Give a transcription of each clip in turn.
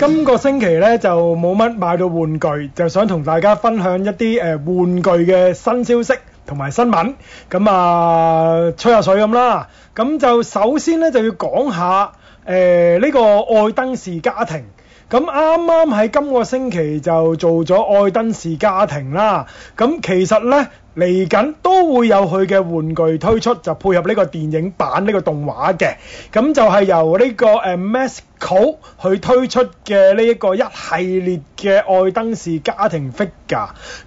今個星期呢就冇乜買到玩具，就想同大家分享一啲誒玩具嘅新消息同埋新聞，咁啊吹下水咁啦。咁就首先呢就要講下誒呢個愛登士家庭。咁啱啱喺今個星期就做咗愛登士家庭啦。咁其實呢～嚟緊都會有佢嘅玩具推出，就配合呢個電影版呢個動畫嘅，咁就係由呢個誒 Mezco 去推出嘅呢一個一系列嘅愛登士家庭 figure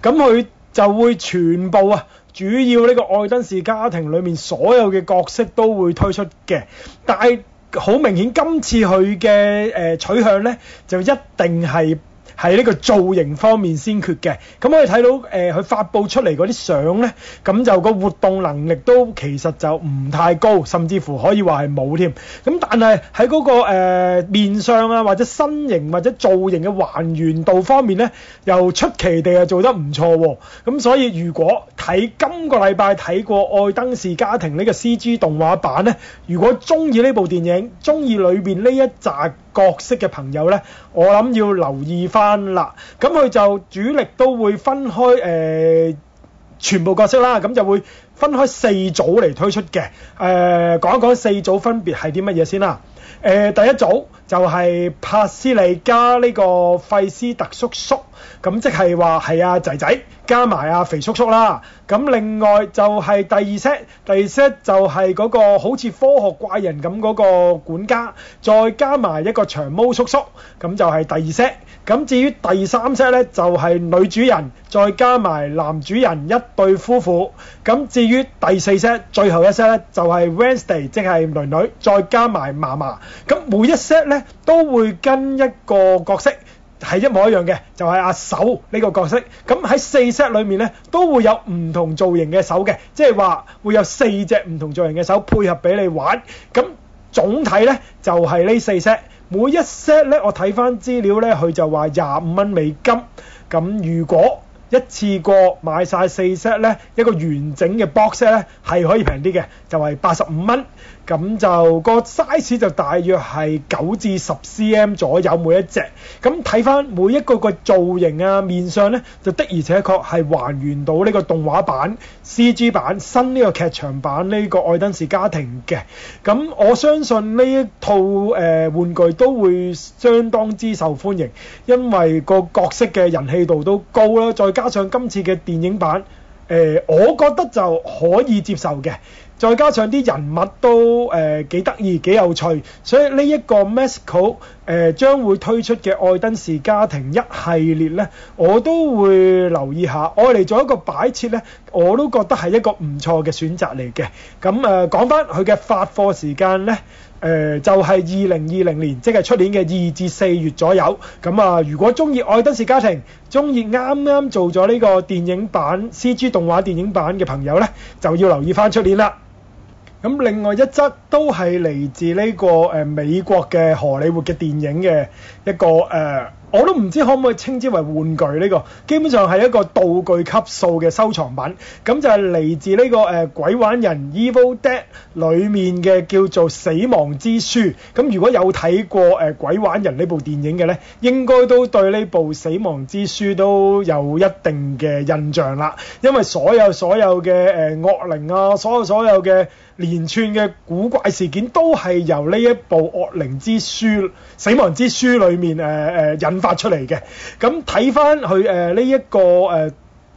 咁佢就會全部啊，主要呢個愛登士家庭裏面所有嘅角色都會推出嘅，但係好明顯今次佢嘅、呃、取向呢，就一定係。喺呢個造型方面先決嘅，咁我哋睇到誒佢、呃、發布出嚟嗰啲相呢，咁就個活動能力都其實就唔太高，甚至乎可以話係冇添。咁、嗯、但係喺嗰個、呃、面相啊，或者身形或者造型嘅還原度方面呢，又出奇地係做得唔錯喎。咁、嗯、所以如果睇今、這個禮拜睇過《愛登士家庭》呢、這個 CG 動畫版呢，如果中意呢部電影，中意裏面呢一集。角色嘅朋友呢，我諗要留意返啦。咁佢就主力都會分開、呃、全部角色啦，咁就會分開四組嚟推出嘅。誒、呃，講一講四組分別係啲乜嘢先啦。誒、呃、第一組就係帕斯利加呢個費斯特叔叔，咁即係話係阿仔仔加埋阿肥叔叔啦。咁另外就係第二 set，第二 set 就係嗰個好似科學怪人咁嗰個管家，再加埋一個長毛叔叔，咁就係第二 set。咁至於第三 set 咧，就係、是、女主人再加埋男主人一對夫婦。咁至於第四 set，最後一 set 咧，就係、是、Wednesday，即係囡囡，再加埋嫲嫲。咁每一 set 咧都會跟一個角色係一模一樣嘅，就係阿手呢個角色。咁喺四 set 裏面咧都會有唔同造型嘅手嘅，即係話會有四隻唔同造型嘅手配合俾你玩。咁總體咧就係呢四 set。每一 set 咧我睇翻資料咧，佢就話廿五蚊美金。咁如果一次過買晒四 set 咧，一個完整嘅 box 咧係可以平啲嘅，就係八十五蚊。咁就、個 size 就大約係九至十 cm 左右每一隻。咁睇翻每一個個造型啊、面相呢就的而且確係還原到呢個動畫版、CG 版、新呢個劇場版呢個愛登士家庭嘅。咁我相信呢一套誒、呃、玩具都會相當之受歡迎，因為個角色嘅人氣度都高啦。再加上今次嘅電影版，誒、呃、我覺得就可以接受嘅。再加上啲人物都誒幾得意幾有趣，所以呢一個 Mezco 誒將會推出嘅愛登士家庭一系列咧，我都會留意下，愛嚟做一個擺設咧，我都覺得係一個唔錯嘅選擇嚟嘅。咁誒講翻佢嘅發貨時間咧，誒就係二零二零年，即係出年嘅二至四月左右。咁啊，如果中意愛登士家庭，中意啱啱做咗呢個電影版 CG 動畫電影版嘅朋友咧，就要留意翻出年啦。咁另外一則都係嚟自呢個誒美國嘅荷里活嘅電影嘅一個誒。呃我都唔知可唔可以稱之為玩具呢個基本上係一個道具級數嘅收藏品。咁就係嚟自呢個誒、呃、鬼玩人 Evil Dead 裏面嘅叫做死亡之書，咁如果有睇過誒、呃、鬼玩人呢部電影嘅咧，應該都對呢部死亡之書都有一定嘅印象啦。因為所有所有嘅誒惡靈啊，所有所有嘅連串嘅古怪事件都係由呢一部惡靈之書死亡之書裏面誒誒、呃呃、引發。發出嚟嘅，咁睇翻佢誒呢一個誒、呃、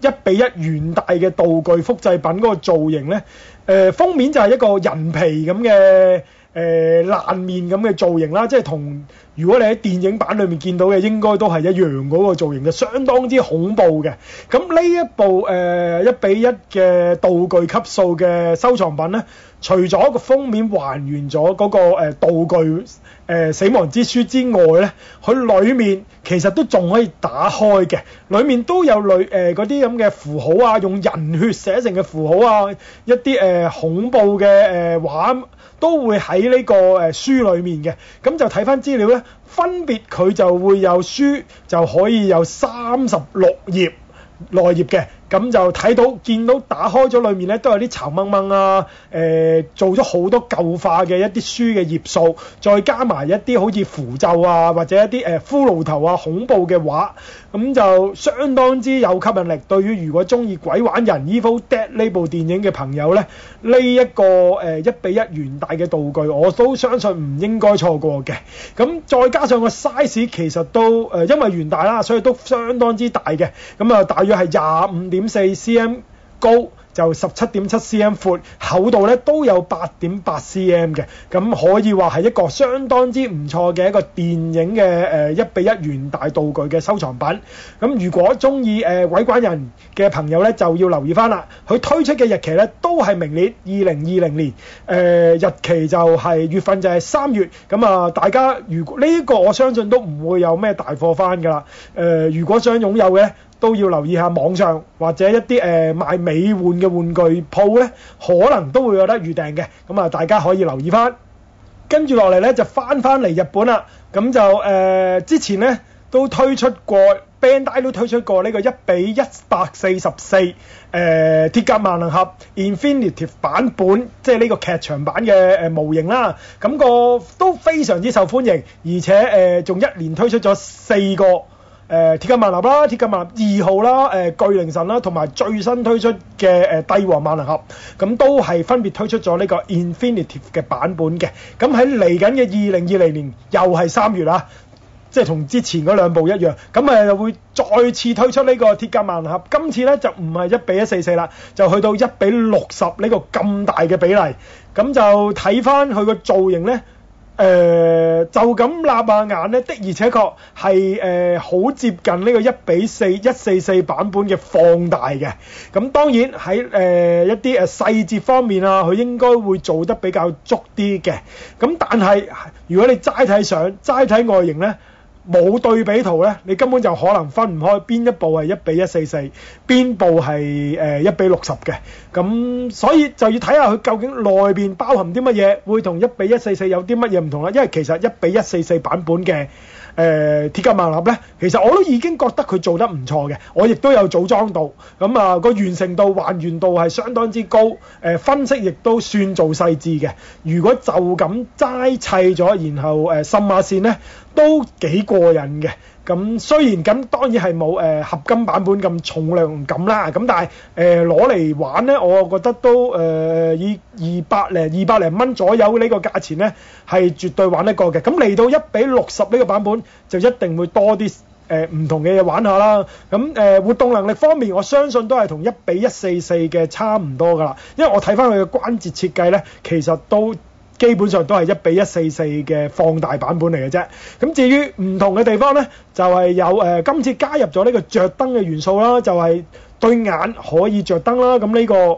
一比一原大嘅道具複製品嗰個造型咧，誒、呃、封面就係一個人皮咁嘅。誒爛、呃、面咁嘅造型啦，即係同如果你喺電影版裏面見到嘅，應該都係一樣嗰個造型嘅，相當之恐怖嘅。咁呢一部誒一比一嘅道具級數嘅收藏品呢，除咗個封面還原咗嗰、嗰個、呃、道具、呃、死亡之書之外呢，佢裏面其實都仲可以打開嘅，裏面都有類嗰啲咁嘅符號啊，用人血寫成嘅符號啊，一啲誒、呃、恐怖嘅誒、呃、畫。都會喺呢個誒書裡面嘅，咁就睇翻資料呢，分別佢就會有書就可以有三十六頁內頁嘅，咁就睇到見到打開咗裏面呢，都有啲殘掹掹啊，呃、做咗好多舊化嘅一啲書嘅頁數，再加埋一啲好似符咒啊或者一啲誒、呃、骷髏頭啊恐怖嘅畫。咁就相當之有吸引力，對於如果中意鬼玩人、e《Evil Dead》呢部電影嘅朋友呢呢一、這個誒一、呃、比一原大嘅道具，我都相信唔應該錯過嘅。咁再加上個 size 其實都誒、呃，因為原大啦，所以都相當之大嘅。咁啊，大約係廿五點四 cm 高。由十七點七 cm 闊，厚度咧都有八點八 cm 嘅，咁可以話係一個相當之唔錯嘅一個電影嘅誒一比一原大道具嘅收藏品。咁如果中意誒鬼怪人嘅朋友咧，就要留意翻啦。佢推出嘅日期咧都係明年二零二零年，誒、呃、日期就係月份就係三月。咁啊，大家如果呢、這個我相信都唔會有咩大貨翻㗎啦。誒、呃，如果想擁有嘅，都要留意一下網上或者一啲誒、呃、賣美換嘅玩具鋪呢，可能都會有得預訂嘅，咁啊，大家可以留意翻。跟住落嚟呢，就翻翻嚟日本啦，咁就、呃、之前呢，都推出過 Bandai 都推出過呢個一比一百四十四誒鐵甲萬能俠 Infinite 版本，即係呢個劇場版嘅、呃、模型啦，咁個都非常之受歡迎，而且仲、呃、一連推出咗四個。誒、呃、鐵甲萬立啦，鐵甲萬立二號啦、呃，巨靈神啦，同埋最新推出嘅誒、呃、帝王萬能俠，咁都係分別推出咗呢個 infinite 嘅版本嘅。咁喺嚟緊嘅二零二零年又係三月啦，即係同之前嗰兩部一樣，咁誒會再次推出呢個鐵甲萬能俠，今次呢就唔係一比一四四啦，就去到一比六十呢個咁大嘅比例。咁就睇翻佢個造型呢。誒、呃、就咁擸下眼咧，的而且確係誒好接近呢個一比四一四四版本嘅放大嘅。咁當然喺誒、呃、一啲誒細節方面啊，佢應該會做得比較足啲嘅。咁但係如果你齋睇相、齋睇外形咧。冇對比圖呢，你根本就可能分唔開邊一部係一比一四四，邊部係誒一比六十嘅，咁所以就要睇下佢究竟內面包含啲乜嘢，會同一比一四四有啲乜嘢唔同啦。因為其實一比一四四版本嘅。誒、呃、鐵甲萬立咧，其實我都已經覺得佢做得唔錯嘅，我亦都有組裝到，咁、嗯、啊個完成度、還原度係相當之高，誒、呃、分析亦都算做細緻嘅。如果就咁齋砌咗，然後誒滲馬線咧，都幾過癮嘅。咁雖然咁當然係冇誒合金版本咁重量感啦，咁但係誒攞嚟玩咧，我覺得都誒二二百零二百零蚊左右呢個價錢咧係絕對玩得過嘅。咁嚟到一比六十呢個版本就一定會多啲誒唔同嘅嘢玩下啦。咁誒、呃、活動能力方面，我相信都係同一比一四四嘅差唔多㗎啦，因為我睇翻佢嘅關節設計咧，其實都，基本上都係一比一四四嘅放大版本嚟嘅啫。咁至於唔同嘅地方呢，就係有誒今次加入咗呢個着燈嘅元素啦，就係對眼可以着燈啦。咁呢個誒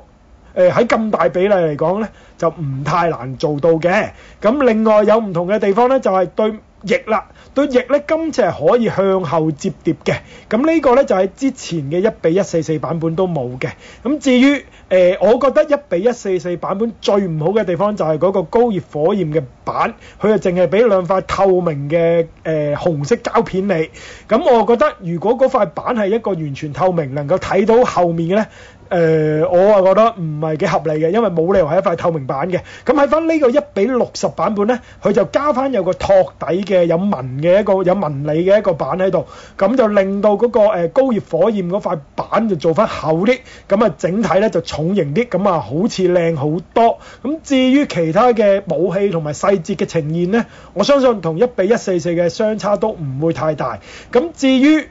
喺咁大比例嚟講呢，就唔太難做到嘅。咁另外有唔同嘅地方呢，就係對翼啦。對翼呢，今次係可以向後摺疊嘅，咁呢個呢，就係、係、之前嘅一比一四四版本都冇嘅。咁至於、呃、我覺得一比一四四版本最唔好嘅地方就係嗰個高熱火焰嘅板，佢就淨係俾兩塊透明嘅誒、呃、紅色膠片你。咁我覺得如果嗰塊板係一個完全透明，能夠睇到後面嘅、呃、我啊覺得唔係幾合理嘅，因為冇理由係一塊透明板嘅。咁喺翻呢個一比六十版本呢，佢就加翻有個托底嘅有紋。嘅一個有紋理嘅一個板喺度，咁就令到嗰個誒高熱火焰嗰塊板就做翻厚啲，咁啊整體咧就重型啲，咁啊好似靚好多。咁至於其他嘅武器同埋細節嘅呈現咧，我相信同一比一四四嘅相差都唔會太大。咁至於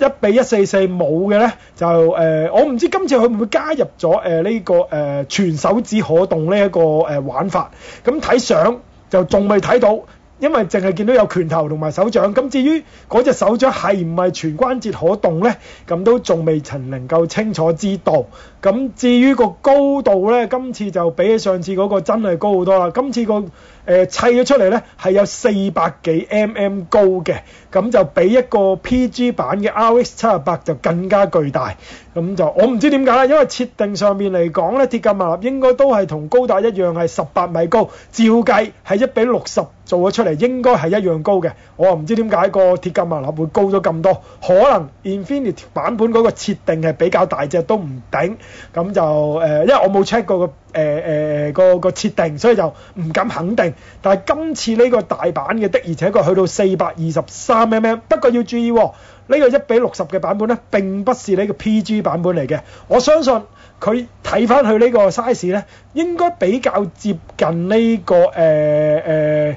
一比一四四冇嘅咧，就誒我唔知今次佢會唔會加入咗誒呢個誒全手指可動呢一個誒玩法。咁睇相就仲未睇到。因為淨係見到有拳頭同埋手掌，咁至於嗰隻手掌係唔係全關節可動咧？咁都仲未曾能夠清楚知道。咁至於個高度咧，今次就比起上次嗰個真係高好多啦。今次個。砌咗、呃、出嚟呢，係有四百幾 mm 高嘅，咁就比一個 PG 版嘅 RX 七十八就更加巨大。咁就我唔知點解，因為設定上面嚟講呢，鐵甲萬立應該都係同高達一樣係十八米高，照計係一比六十做咗出嚟應該係一樣高嘅。我唔知點解個鐵甲萬立會高咗咁多，可能 Infinity 版本嗰個設定係比較大隻都唔頂。咁就誒、呃，因為我冇 check 過、個誒誒、呃呃、個個設定，所以就唔敢肯定。但係今次呢個大版嘅的，而且佢去到四百二十三 M M。不過要注意喎、哦、呢、這個一比六十嘅版本呢，並不是呢個 P G 版本嚟嘅。我相信佢睇翻佢呢個 size 呢，應該比較接近呢個誒誒誒呢個。呃呃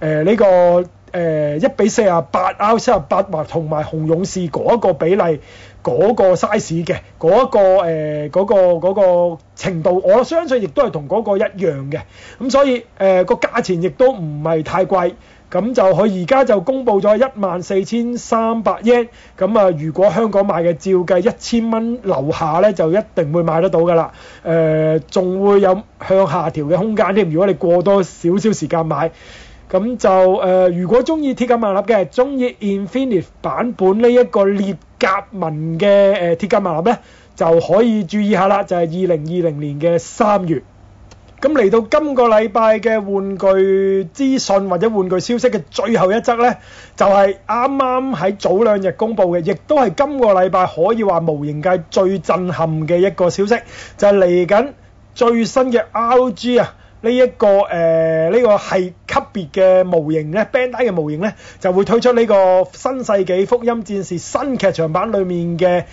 呃這個誒一比四十八 L 七十八或同埋紅勇士嗰一個比例嗰個 size 嘅嗰個誒嗰個嗰個程度，我相信亦都係同嗰個一樣嘅。咁所以誒個價錢亦都唔係太貴，咁就佢而家就公布咗一萬四千三百 yen。咁啊，如果香港買嘅照計一千蚊樓下呢，就一定會買得到㗎啦。誒仲會有向下調嘅空間添。如果你過多少少時間買。咁就誒、呃，如果中意鐵甲萬能俠嘅，中意 Infinite 版本呢一個列格文嘅誒、呃、鐵甲萬能俠咧，就可以注意下啦，就係二零二零年嘅三月。咁嚟到今個禮拜嘅玩具資訊或者玩具消息嘅最後一則呢，就係啱啱喺早兩日公布嘅，亦都係今個禮拜可以話模型界最震撼嘅一個消息，就係嚟緊最新嘅 RG 啊！呢一、這個誒呢、呃這個係級別嘅模型咧，Bandai 嘅模型咧，就會推出呢個新世紀福音戰士新劇場版裡面嘅誒、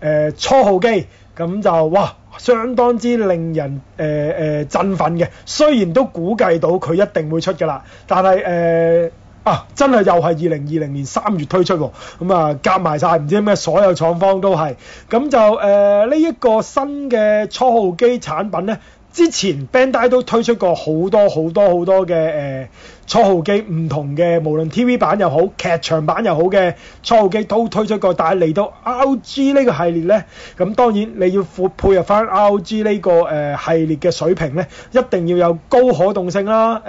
呃、初號機，咁就哇相當之令人誒誒、呃呃、振奮嘅。雖然都估計到佢一定會出㗎啦，但係誒、呃、啊真係又係二零二零年三月推出喎。咁啊夾埋晒，唔知咩所有廠方都係，咁就誒呢一個新嘅初號機產品咧。之前 Bandai 都推出過好多好多好多嘅誒《初號機唔同嘅，無論 TV 版又好、劇場版又好嘅《初號機都推出過。但係嚟到 RG 呢個系列呢，咁當然你要配合翻 RG 呢個系列嘅水平呢，一定要有高可動性啦、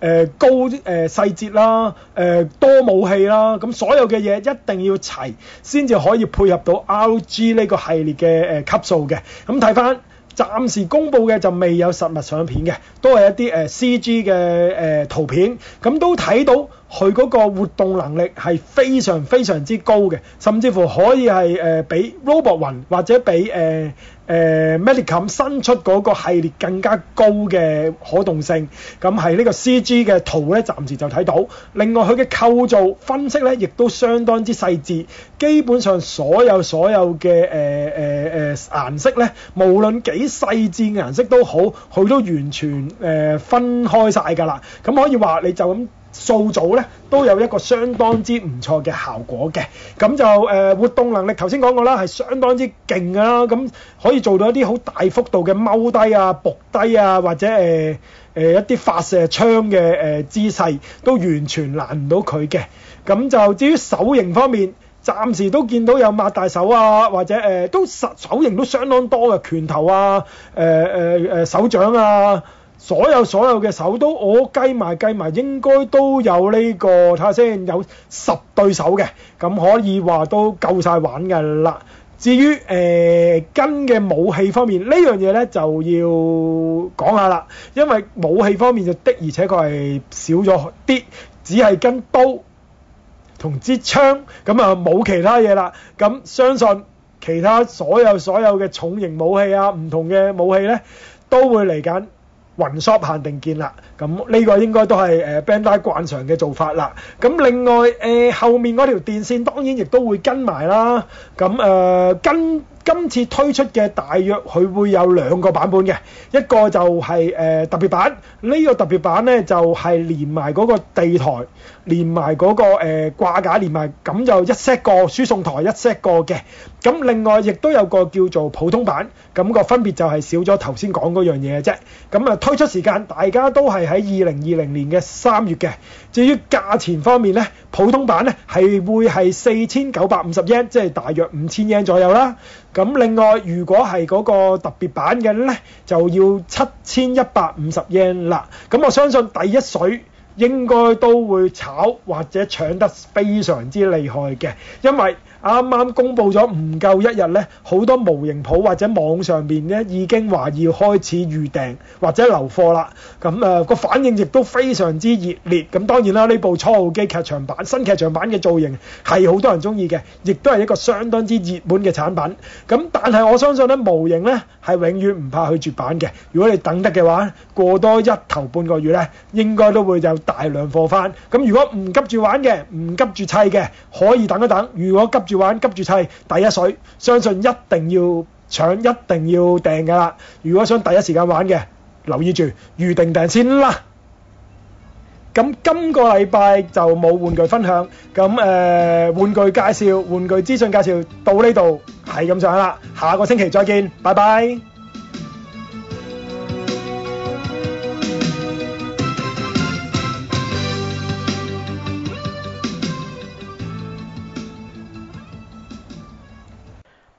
誒高誒細節啦、誒多武器啦，咁所有嘅嘢一定要齊先至可以配合到 RG 呢個系列嘅誒級數嘅。咁睇翻。暫時公布嘅就未有實物相片嘅，都係一啲誒、呃、CG 嘅誒、呃、圖片，咁都睇到。佢嗰個活動能力係非常非常之高嘅，甚至乎可以係誒、呃、比 Robot 魂或者比誒誒、呃呃、Medicom、um、新出嗰個系列更加高嘅可動性。咁係呢個 CG 嘅圖咧，暫時就睇到。另外佢嘅構造分析咧，亦都相當之細緻，基本上所有所有嘅誒誒誒顏色咧，無論幾細緻嘅顏色都好，佢都完全誒、呃、分開晒噶啦。咁可以話你就咁。素組咧都有一個相當之唔錯嘅效果嘅，咁就誒、呃、活動能力頭先講過啦，係相當之勁啊。咁可以做到一啲好大幅度嘅踎低啊、伏低啊，或者誒、呃呃、一啲發射槍嘅、呃、姿勢都完全難唔到佢嘅。咁就至於手型方面，暫時都見到有擘大手啊，或者誒、呃、都手型都相當多嘅，拳頭啊、誒、呃呃、手掌啊。所有所有嘅手都我計埋計埋，應該都有呢個睇下先，有十對手嘅，咁，可以話都夠晒玩㗎啦。至於誒跟嘅武器方面呢樣嘢呢，就要講下啦，因為武器方面就的而且確係少咗啲，只係跟刀同支槍咁啊，冇其他嘢啦。咁相信其他所有所有嘅重型武器啊、唔同嘅武器呢，都會嚟緊。雲 shop 限定件啦，咁、這、呢個應該都係誒 Bandai 慣常嘅做法啦。咁另外誒，後面嗰條電線當然亦都會跟埋啦。咁、呃、誒跟。今次推出嘅大約佢會有兩個版本嘅，一個就係誒特別版，呢個特別版呢就係連埋嗰個地台，連埋嗰個誒掛架，連埋咁就一 set 個輸送台一 set 個嘅。咁另外亦都有個叫做普通版，咁個分別就係少咗頭先講嗰樣嘢嘅啫。咁啊推出時間大家都係喺二零二零年嘅三月嘅。至於價錢方面咧，普通版咧係會係四千九百五十 y e 即係大約五千 y e 左右啦。咁另外，如果係嗰個特別版嘅咧，就要七千一百五十 yen 啦。咁我相信第一水。應該都會炒或者搶得非常之厲害嘅，因為啱啱公布咗唔夠一日呢，好多模型鋪或者網上面咧，已經話要開始預訂或者留貨啦。咁誒個反應亦都非常之熱烈。咁、嗯、當然啦，呢部《初號機》劇場版、新劇場版嘅造型係好多人中意嘅，亦都係一個相當之熱門嘅產品。咁、嗯、但係我相信呢模型呢係永遠唔怕去絕版嘅。如果你等得嘅話，過多一頭半個月呢應該都會有。大量貨翻，咁如果唔急住玩嘅，唔急住砌嘅，可以等一等。如果急住玩、急住砌，第一水，相信一定要搶、一定要訂㗎啦。如果想第一時間玩嘅，留意住預定訂先啦。咁今個禮拜就冇玩具分享，咁誒玩具介紹、玩具資訊介紹到呢度係咁上啦。下個星期再見，拜拜。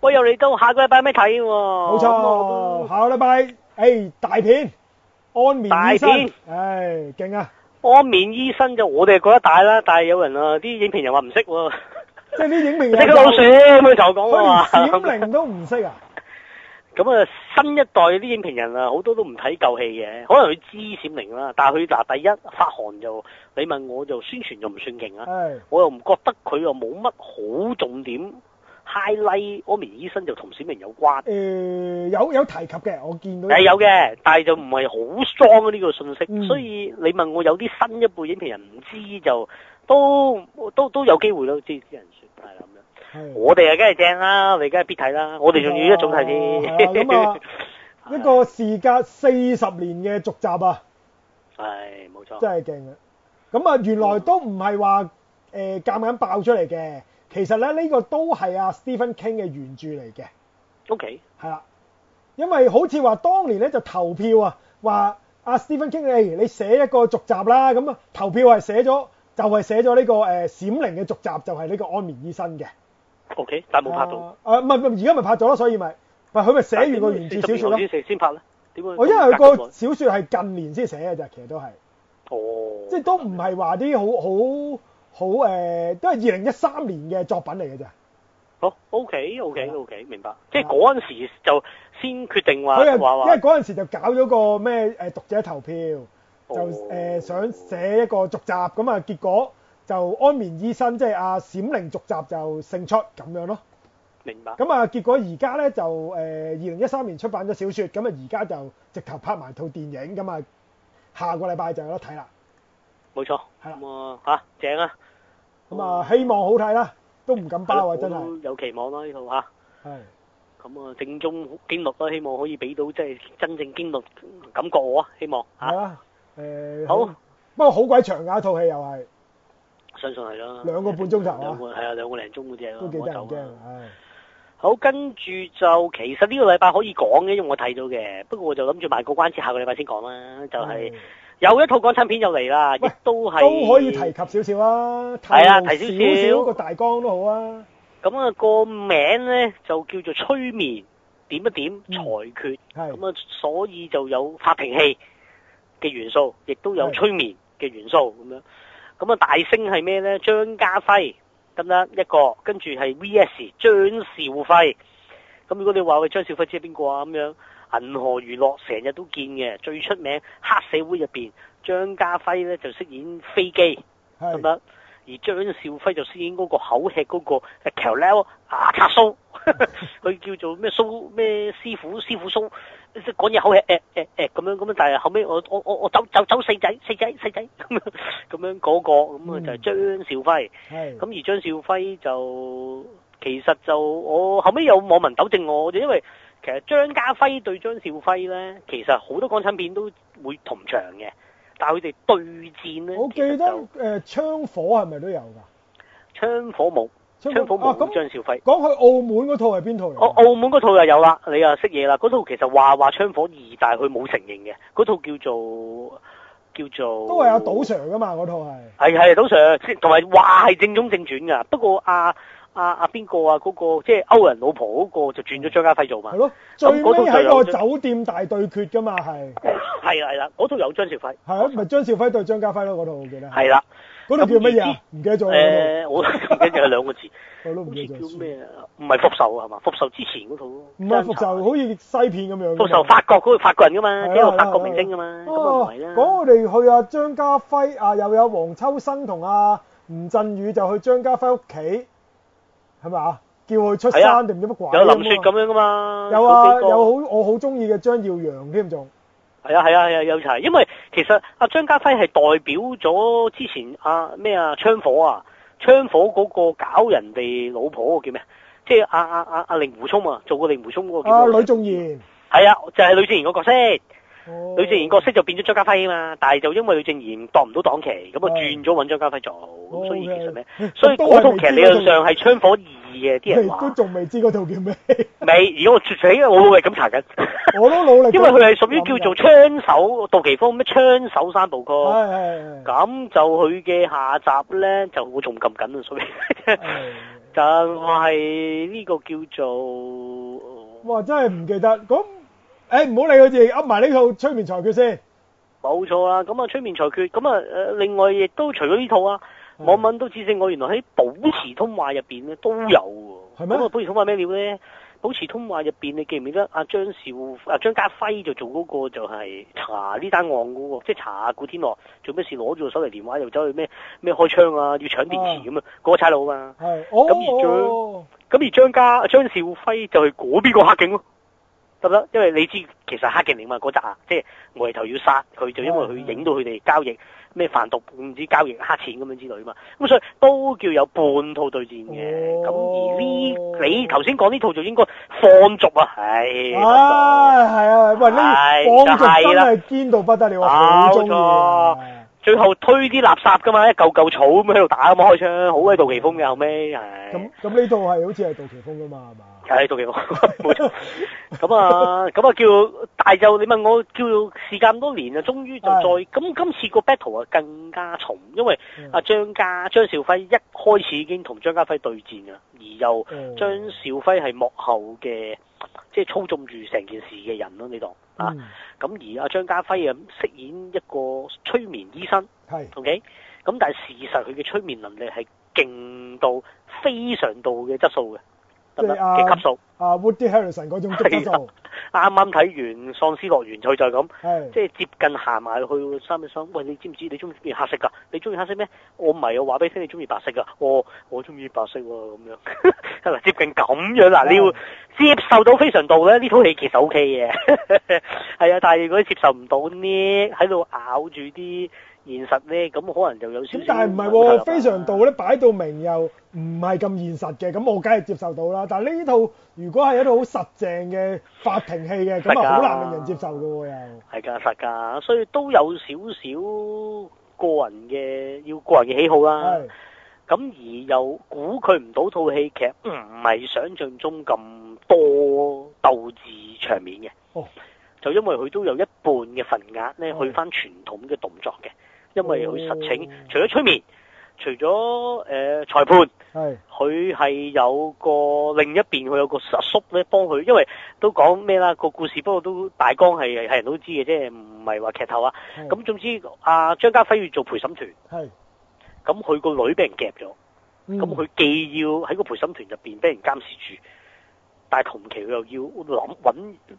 我又嚟到下個禮拜有咩睇喎？冇錯、哦，下個禮拜誒、哎、大片《安眠大片生》唉、哎，勁啊！《安眠醫生》就我哋覺得大啦，但係有人啊啲影評人話唔識喎，即係啲影評唔識老鼠咁就講話。閃靈都唔識啊？咁啊，新一代啲影評人啊，好多都唔睇舊戲嘅，可能佢知閃靈啦，但係佢嗱第一發寒就你問我就宣傳就唔算勁啊，的我又唔覺得佢又冇乜好重點。highlight，安眠醫生就同小明有關。誒、呃、有有提及嘅，我見到誒有嘅，但係就唔係好 strong 呢個信息。嗯、所以你問我有啲新一輩影評人唔知就都都都有機會咯。即啲人説係啦，咁樣我哋啊梗係正啦，你梗係必睇啦。的我哋仲要一早睇先。咁啊， 一個時隔四十年嘅續集啊，唉、哎，冇錯，真係勁啊！咁啊，原來都唔係話誒夾硬爆出嚟嘅。其實咧呢個都係阿 Stephen King 嘅原著嚟嘅。OK。係啦，因為好似話當年咧就投票啊，話阿 Stephen King，誒、欸、你寫一個續集啦，咁啊投票係寫咗，就係、是、寫咗呢、這個誒閃靈嘅續集，就係、是、呢個安眠醫生嘅。O、okay, K，但係冇拍到。誒唔係，而家咪拍咗咯，所以咪、就是，咪佢咪寫完個原著小説咯。先拍咧，點解？我因為佢個小説係近年先寫嘅咋，其實都係。哦。Oh. 即係都唔係話啲好好。好誒、呃，都係二零一三年嘅作品嚟嘅咋。好，O K O K O K，明白。是的即係嗰陣時就先決定話，就說因為嗰陣時就搞咗個咩誒讀者投票，oh. 就誒、呃、想寫一個續集咁啊，結果就安眠醫生即係阿閃靈續集就勝出咁樣咯。明白。咁啊，結果而家咧就誒二零一三年出版咗小說，咁啊而家就直頭拍埋套電影咁啊，咁下個禮拜就有得睇啦。冇錯，係啦、啊。吓的、啊，正啊！咁啊，希望好睇啦，都唔敢包啊，真係有期望啦呢套吓，係，咁啊正宗經歷啦，希望可以俾到即係真正經歷感覺我啊，希望係啦，誒好，不過好鬼長啊套戲又係，相信係啦，兩個半鐘頭啊，係啊兩個零鐘嗰啲啊，都幾真啫，係，好，跟住就其實呢個禮拜可以講嘅，因為我睇到嘅，不過我就諗住賣個關子下個禮拜先講啦，就係。有一套港產片又嚟啦，亦都係都可以提及少少啊。係啦，提少少，少個大綱都好啊。咁啊，個名咧就叫做催眠點一點裁決，咁啊，所以就有發瓶器嘅元素，亦都有催眠嘅元素咁樣。咁啊是的，大星係咩咧？張家輝得唔得一個？跟住係 V.S. 張兆輝。咁如果你話喂張兆輝知係邊個啊？咁樣。銀河娛樂成日都見嘅，最出名黑社會入邊，張家輝咧就飾演飛機咁是樣，而張少輝就飾演嗰個口吃嗰、那個，誒，橋瀨啊，卡蘇，佢叫做咩蘇咩師傅，師傅蘇，即講嘢口吃誒誒誒咁樣，咁啊，但係後尾我我我我走我走走，走四仔四仔四仔咁樣咁樣嗰、那個咁啊，樣就係張少輝，咁、嗯、而張少輝就其實就我後尾有網民糾正我，就因為。其實張家輝對張兆輝咧，其實好多港產片都會同場嘅，但係佢哋對戰咧，我記得誒槍火係咪都有㗎？槍火冇，槍火冇。火火沒張兆輝、啊、講去澳門嗰套係邊套？哦、啊，澳門嗰套又有啦，你又識嘢啦。嗰套其實話話槍火二，但係佢冇承認嘅。嗰套叫做叫做都係阿杜 Sir 㗎嘛，嗰套係係係杜 Sir，同埋話係正宗正傳㗎。不過啊。阿阿邊個啊？嗰個即係歐人老婆嗰個就轉咗張家輝做嘛？係咯，最尾喺個酒店大對決㗎嘛？係係啦係啦，嗰套有張兆輝，係啊，咪張兆輝對張家輝咯嗰套，我記得係啦。嗰套叫乜嘢啊？唔記得咗誒，我記得有兩個字，我都唔記得叫咩啊？唔係復仇啊嘛？復仇之前嗰套咯，唔係復仇，好似西片咁樣。復仇法國嗰個法國人㗎嘛？邊個法國明星㗎嘛？哦，講我哋去啊，張家輝啊，又有黃秋生同阿吳鎮宇就去張家輝屋企。係嘛？叫佢出山，唔、啊、知乜鬼、啊。有林雪咁樣噶嘛？有啊，有好我好中意嘅張耀揚添、啊，仲係啊係啊係啊，有齊。因為其實阿張家輝係代表咗之前阿咩啊槍、啊、火啊，槍火嗰個搞人哋老婆叫咩？即係阿阿阿阿令狐沖啊，做過令狐沖嗰個。啊，呂頌賢。係仲啊，就係呂頌賢個角色。呂正延角色就變咗張家輝啊嘛，但係就因為呂正延當唔到檔期，咁啊轉咗搵張家輝做，咁所以其實咩？所以嗰套劇理論上係《槍火二》嘅，啲人話。你仲未知嗰套叫咩？未？如果我出嚟，我努力咁查緊。我都努力。因為佢係屬於叫做槍手，杜琪峰咩《槍手三部曲》。係咁就佢嘅下集咧，就我仲撳緊啊，所以就我係呢個叫做。哇！真係唔記得咁。誒，唔好理佢哋，噏埋呢套催眠裁決先，冇錯啊，咁啊，催眠裁決，咁啊，誒、呃，另外亦都除咗呢套啊，網民都指正我，原來喺保持通話入邊咧都有。係咪咁啊？保持通話咩料咧？保持通話入邊，你記唔記得阿張、啊、兆啊張家輝就做嗰個就係查呢單案嗰喎，即、就、係、是、查古天樂做咩事，攞住個手提電話又走去咩咩開槍啊，要搶電池咁啊，嗰個差佬、哦哦哦、啊。係。咁而再，咁而張家張兆輝就去嗰邊個黑警咯。因為你知其實黑嘅嘢嘛，嗰集啊，即係外頭要殺佢，就因為佢影到佢哋交易咩販毒唔知交易黑錢咁樣之類啊嘛，咁所以都叫有半套對戰嘅。咁、哦、而呢，你頭先講呢套就應該放逐，哎、放逐啊，係。啊，係啊，喂，呢放逐真係堅到不得了，好中意。最後推啲垃圾噶嘛，一嚿嚿草咁喺度打咁開槍，啊、好鬼杜琪峯嘅後尾，係。咁咁呢套係好似係杜琪峯噶嘛，係嘛？係冇錯，咁啊咁啊叫大又。你問我叫時間咁多年啊，終於就再咁今、哎、呀次個 battle 啊更加重，因為阿張家、嗯、張兆輝一開始已經同張家輝對戰噶啦，而又張兆輝係幕後嘅，即、就、係、是、操縱住成件事嘅人咯，呢度啊，咁、嗯、而阿張家輝啊飾演一個催眠醫生，係 O K，咁但係事實佢嘅催眠能力係勁到非常到嘅質素嘅。即係阿幾級數？Woody Harrelson 嗰種級數。啱啱睇完《喪屍樂園》的，佢就咁，即係接近行埋去。三一三，喂，你知唔知你中意黑色㗎？你中意黑色咩？我唔係，我話俾你聽，你中意白色㗎、哦。我我中意白色喎，咁樣嗱， 接近咁樣嗱，的你要接受到非常度咧。呢套戲其實 OK 嘅，係 啊，但係如果接受唔到呢喺度咬住啲。現實呢，咁可能就有少少、啊。但係唔係喎？非常道咧，啊、擺到明又唔係咁現實嘅。咁我梗係接受到啦。但係呢套如果係一套好實淨嘅法庭戲嘅，咁啊好難令人接受噶喎又。係㗎，實㗎，所以都有少少個人嘅要個人嘅喜好啦。咁的而又估佢唔到套戲劇唔係想像中咁多鬥智場面嘅。哦、就因為佢都有一半嘅份額咧，的去返傳統嘅動作嘅。因為佢實情，嗯、除咗催眠，除咗誒、呃、裁判，佢係是有個另一邊，佢有個叔叔咧幫佢。因為都講咩啦個故事，不過都大綱係係人都知嘅啫，唔係話劇透啊。咁是總之，阿、啊、張家輝要做陪審團，咁佢個女俾人夾咗，咁佢、嗯、既要喺個陪審團入邊俾人監視住，但係同期佢又要諗揾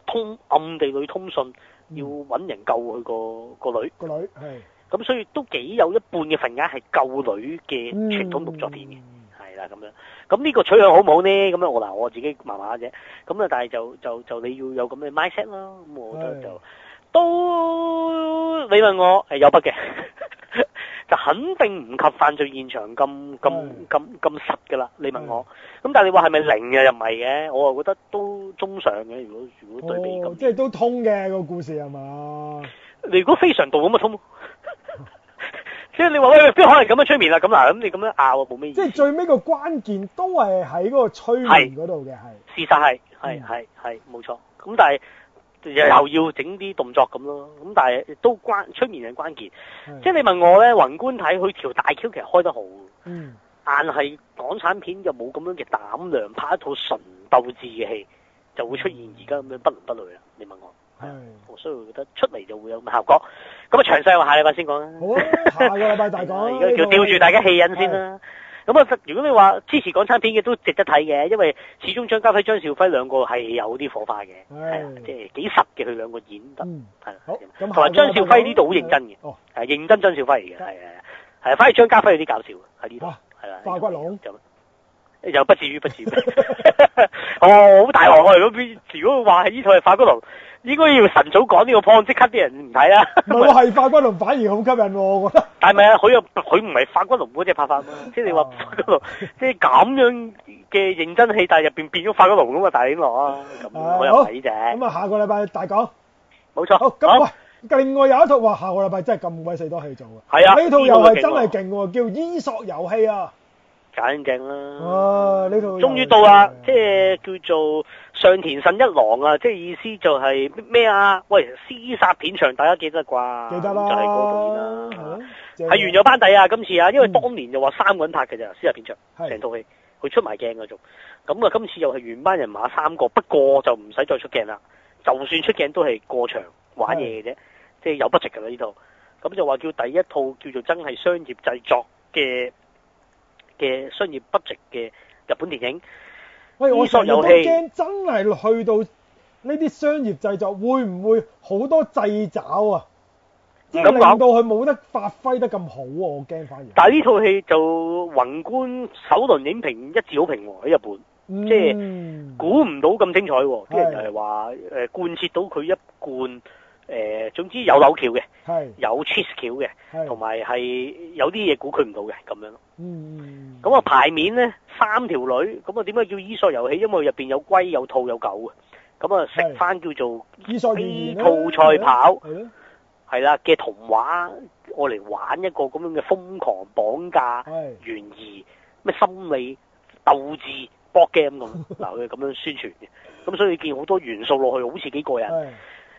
通暗地裏通訊，要揾人救佢個、嗯、個女個女係。咁所以都幾有一半嘅份額係救女嘅傳統動作片嘅、嗯，係啦咁樣。咁呢個取向好唔好呢？咁樣我嗱我自己麻麻啫。咁啊，但係就就就你要有咁嘅 mindset 咯。咁我覺得就、嗯、就都你問我係、欸、有筆嘅， 就肯定唔及犯罪現場咁咁咁咁實㗎啦。你問我，咁但係你話係咪零嘅、啊嗯、又唔係嘅，我又覺得都中上嘅。如果如果對比咁、哦，即係都通嘅、個故事係嘛？你如果非常道咁咪通，即係你話喂，邊可能咁樣催眠啦？咁嗱，咁你咁樣拗啊，冇咩意思。即係最尾個關鍵都係喺嗰個催眠嗰度嘅，係事實係，係係係冇錯。咁但係又要整啲動作咁咯。咁但係都關催眠係關鍵。是即係你問我咧，宏觀睇佢條大橋其實開得好，嗯，但係港產片又冇咁樣嘅膽量拍一套純鬥智嘅戲，就會出現而家咁樣不倫不類啦。你問我。係，所以我覺得出嚟就會有咁嘅效果。咁啊，詳細話下禮拜先講啦。好啊，下個禮拜大講。而家叫吊住大家氣癮先啦。咁啊，如果你話支持港產片嘅都值得睇嘅，因為始終張家輝、張兆輝兩個係有啲火花嘅，係啦，即係幾十嘅佢兩個演得。係同埋張兆輝呢度好認真嘅，係認真張兆輝嚟嘅，係啊，係反而張家輝有啲搞笑喺呢度，係啦，發骨佬就又不至於不至於，哦，好大鑊啊！如果如果話係呢套係發骨佬。應該要晨早講呢個 po，即刻啲人唔睇啦。我係化骨龍反而好吸引喎，我覺得。但係咪啊？佢又佢唔係化骨龍嗰隻拍法，即係你話化骨龍，即係咁樣嘅認真戲，但係入邊變咗化骨龍咁啊！大嶺龍啊，咁我又睇啫。咁啊，下個禮拜大講，冇錯。咁喂，另外有一套話，下個禮拜真係咁鬼死多戲做嘅。係啊，呢套又係真係勁喎，叫《伊索遊戲》啊。簡勁啦。哇！呢套終於到啦，即係叫做。上田慎一郎啊，即係意思就係咩啊？喂，屍殺片場大家記得啩？記得啦，就係嗰度啦，係、啊、完咗班底啊！今次啊，因為當年就話三個人拍嘅啫，屍殺片場成套戲，佢出埋鏡嗰種咁啊！今是的 次又係原班人馬三個，不過就唔使再出鏡啦。就算出鏡都係過場玩嘢嘅啫，是的 即係有不值㗎啦呢套。咁就話叫第一套叫做真係商業製作嘅嘅商業不值嘅日本電影。喂、欸，我實有啲驚，真係去到呢啲商業製作，會唔會好多掣肘啊？咁令到佢冇得發揮得咁好啊！我驚反而。但呢套戲就宏觀首輪影評一致好評喎，喺日本，嗯、即係估唔到咁精彩喎。啲人就係話誒貫徹到佢一貫。誒、呃，總之有扭橋嘅，係是有 cheese 橋嘅，同埋係有啲嘢估佢唔到嘅咁樣。嗯嗯。咁啊，牌面咧三條女，咁啊點解叫伊索遊戲？因為入邊有龜有兔有狗嘅，咁啊食翻叫做伊索兔賽跑係咯，係啦嘅童話，我嚟玩一個咁樣嘅瘋狂綁架懸疑咩心理鬥智 board game 咁，嗱，佢咁樣宣傳嘅，咁所以見好多元素落去，好似幾過癮。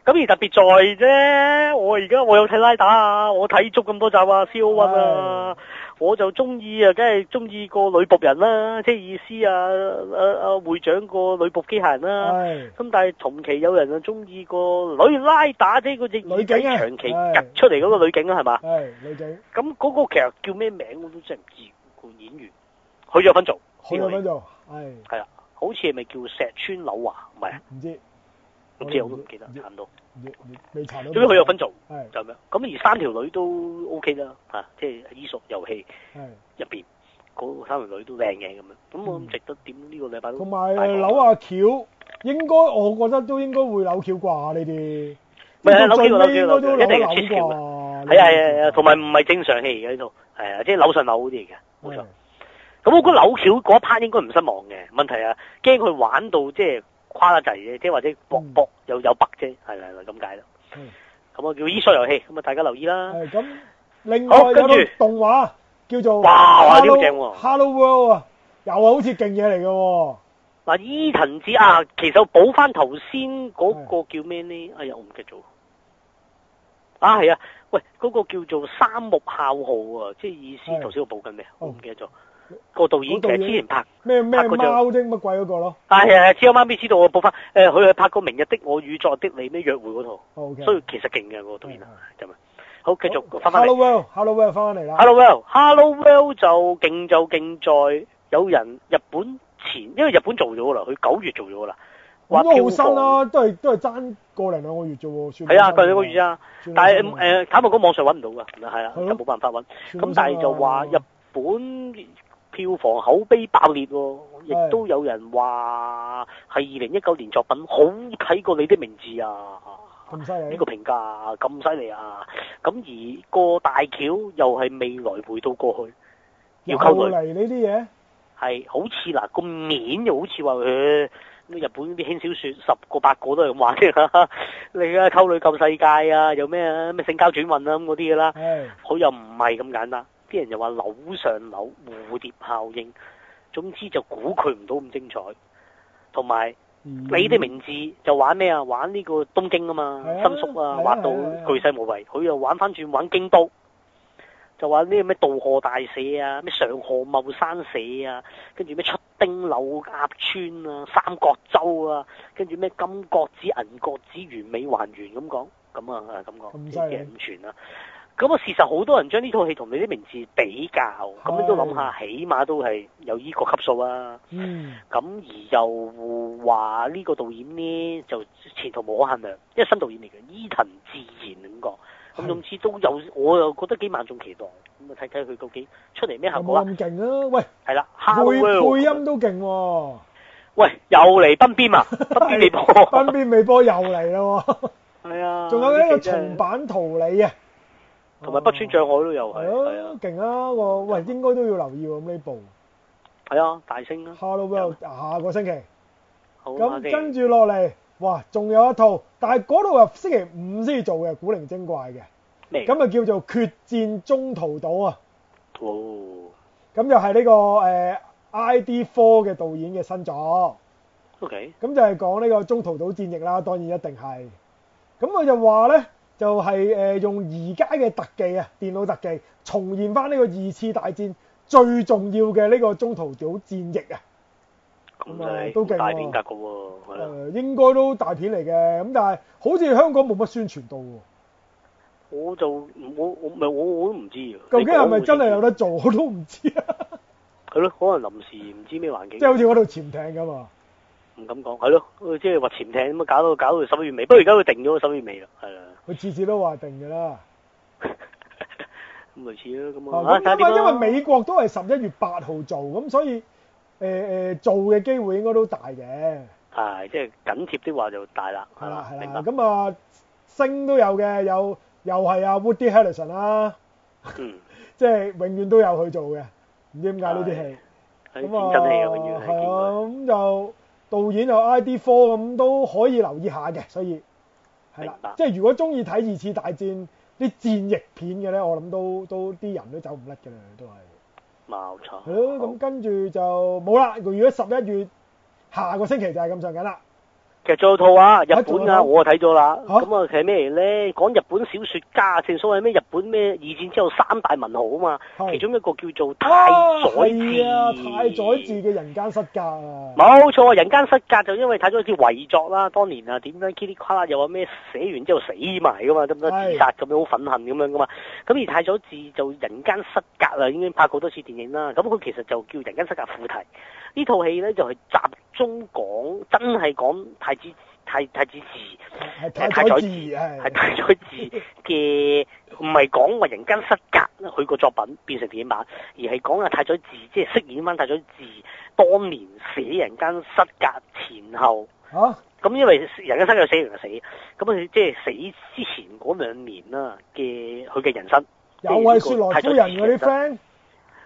咁而特別在啫，我而家我有睇拉打啊，我睇足咁多集啊，C O One 啊，的我就中意啊，梗係中意個女僕人啦，即係意思啊，阿、呃、阿會長個女僕機械人啦。咁的但係同期有人就中意個女拉打，即係嗰隻女仔長期夾出嚟嗰個女警啊，係嘛的？係女仔。咁嗰個其實叫咩名我都真係唔知，嗰個演員，許咗分做。許咗分做。係。係啊的的，好似係咪叫石川柳華啊？唔係。唔知。唔知我都唔記得，查唔到。最屘佢有分組，就咁樣。咁而三條女都 OK 啦，嚇，即係衣索遊戲入邊嗰三條女都靚嘅咁樣。咁我唔值得點呢個禮拜都。同埋扭下橋，應該我覺得都應該會扭橋啩，你哋。唔係扭橋，扭橋，扭橋，一定嘅，twist 橋啊！係啊係啊，同埋唔係正常戲嚟嘅呢套，係啊，即係扭上扭嗰啲嚟嘅，冇錯。咁我覺得扭橋嗰一 part 應該唔失望嘅，問題啊，驚佢玩到即係。誇得滯，即係或者博、嗯、博有有筆啫，係啦，咁解咯。咁啊、嗯、叫醫莎遊戲，咁啊、嗯、大家留意啦。咁、嗯、另外咧動畫、啊、叫做 Hello, 哇，呢啲正喎，Hello World 啊，又係好似勁嘢嚟嘅。嗱，伊藤子啊，其實我補翻頭先嗰個叫咩呢？的哎呀，我唔記得咗。啊，係啊，喂，嗰、那個叫做三木孝浩啊，即係意思剛才補，頭先、嗯、我補緊咩？我唔記得咗。個導演其實之前拍咩咩貓啲乜鬼嗰、那個咯，係啊，只有貓咪知道我報翻，誒、呃，佢係拍過《明日的我與昨日的你》咩約會嗰套，oh, okay. 所以其實勁嘅、那個導演啊，就咪好繼續翻翻嚟。Hello well，Hello well，翻翻嚟啦。Hello well，Hello well 就勁就勁在有人日本前，因為日本做咗啦，佢九月做咗啦。咁都好新啦、啊，都係都係爭個零兩個月做喎，算係啊，個零個月啊。但係誒，坦白講網上搵唔到噶，係、oh, 啊，就冇辦法搵。咁但係就話日本。啊票房口碑爆裂喎，亦都有人話係二零一九年作品好睇過你的名字啊，咁犀利呢個評價咁犀利啊！咁而個大橋又係未來回到過去，要溝女又嚟呢啲嘢，係好似嗱個面又好似話佢，日本啲輕小說十個八個都係咁玩嘅， 你啊溝女救世界啊，又咩咩性交轉運啊咁嗰啲噶啦，好是又唔係咁簡單。啲人又話樓上樓蝴蝶效應，總之就估佢唔到咁精彩。同埋、嗯、你的名字就玩咩啊？玩呢個東京啊嘛，新宿啊，哎、呀玩到巨細無遺。佢又、哎、呀玩翻轉玩京都，就玩呢咩渡河大社啊，咩上河茂山社啊，跟住咩出町柳鴨川啊，三角洲啊，跟住咩金閣寺、銀閣寺完美還原咁講，咁啊咁講，咁犀利唔全、啊咁我事實好多人將呢套戲同你啲名字比較，咁的你都諗下，起碼都係有依個級數啊。嗯。咁而又話呢個導演呢，就前途無可限量，因為新導演嚟嘅的伊藤自然咁、那、講、個。咁總之都有，我又覺得幾萬眾期待。咁啊睇睇佢究竟出嚟咩效果啦。咁勁啊！喂。係啦。配音都勁喎、啊。喂，又嚟奔邊啊？奔 邊未播？崩邊未播又嚟啦喎。係啊。仲、哎、呀有呢個重版圖你啊。同埋北川障礙都有，係啊，勁啊喂，應該都要留意喎，咁呢部係啊，大聲啊！Hello World 下個星期好，咁跟住落嚟，哇，仲有一套，但係嗰度啊，星期五先至做嘅，古靈精怪嘅，咁啊叫做決戰中途島啊！哦，咁就係呢個 ID Four 嘅導演嘅新作，OK，咁就係講呢個中途島戰役啦，當然一定係咁佢就話咧。就係誒用而家嘅特技啊，電腦特技重現翻呢個二次大戰最重要嘅呢個中途島戰役啊！咁就都、勁啊、大片㗎喎，誒應該都大片嚟嘅，咁但係好似香港冇乜宣傳到、啊，我就我我唔係我我都唔知，究竟係咪真係有得做我都唔知、啊。係咯， 可能臨時唔知咩環境。即係好似嗰度潛艇㗎嘛。唔敢講，係咯，即係話潛艇咁啊，搞到搞到十一月尾。不過而家佢定咗個十一月尾啦，係啦。佢次次都話定嘅啦。咁類似咯，咁啊。咁因為因為美國都係十一月八號做，咁所以誒誒做嘅機會應該都大嘅。係，即係緊貼啲話就大啦，係啦，明白。咁啊，升都有嘅，有又係啊，Woody Harrison 啊，嗯，即係永遠都有佢做嘅，唔知點解呢啲戲咁啊，係咁就。導演有 ID4 咁都可以留意下嘅，所以係啦。白即係如果中意睇二次大戰啲戰役片嘅咧，我諗都都啲人都走唔甩嘅啦，都係。冇錯。咁跟住就冇啦好。如果十一月下個星期就係咁上緊啦。其實仲有套啊，日本啊，我睇咗啦。咁啊，係咩咧？講日本小說家，正所謂咩日本咩二戰之後三大文豪啊嘛。是其中一個叫做太宰、啊啊、治。啊，太宰治嘅《人間失格》冇錯，《人間失格》就因為睇咗好似遺作啦。當年啊，點樣噼里誇啦，又話咩寫完之後死埋噶嘛，咁多是自殺咁樣好憤恨咁樣噶嘛。咁而太宰治就《人間失格》啦已經拍過多次電影啦。咁佢其實就叫《人間失格》附題。戲呢套戲咧就係、是、集中講真係講太子、太太子慈、太，太，子慈太宰治，係太宰治嘅，唔係講《人間失格》佢個作品變成電影版，而係講阿太宰治，即係飾演翻太宰治當年寫《人間失格》前後。咁、啊、因為人間《人間失格》有寫完就死，咁佢即係死之前嗰兩年啦嘅佢嘅人生。又係說羅生人啲 f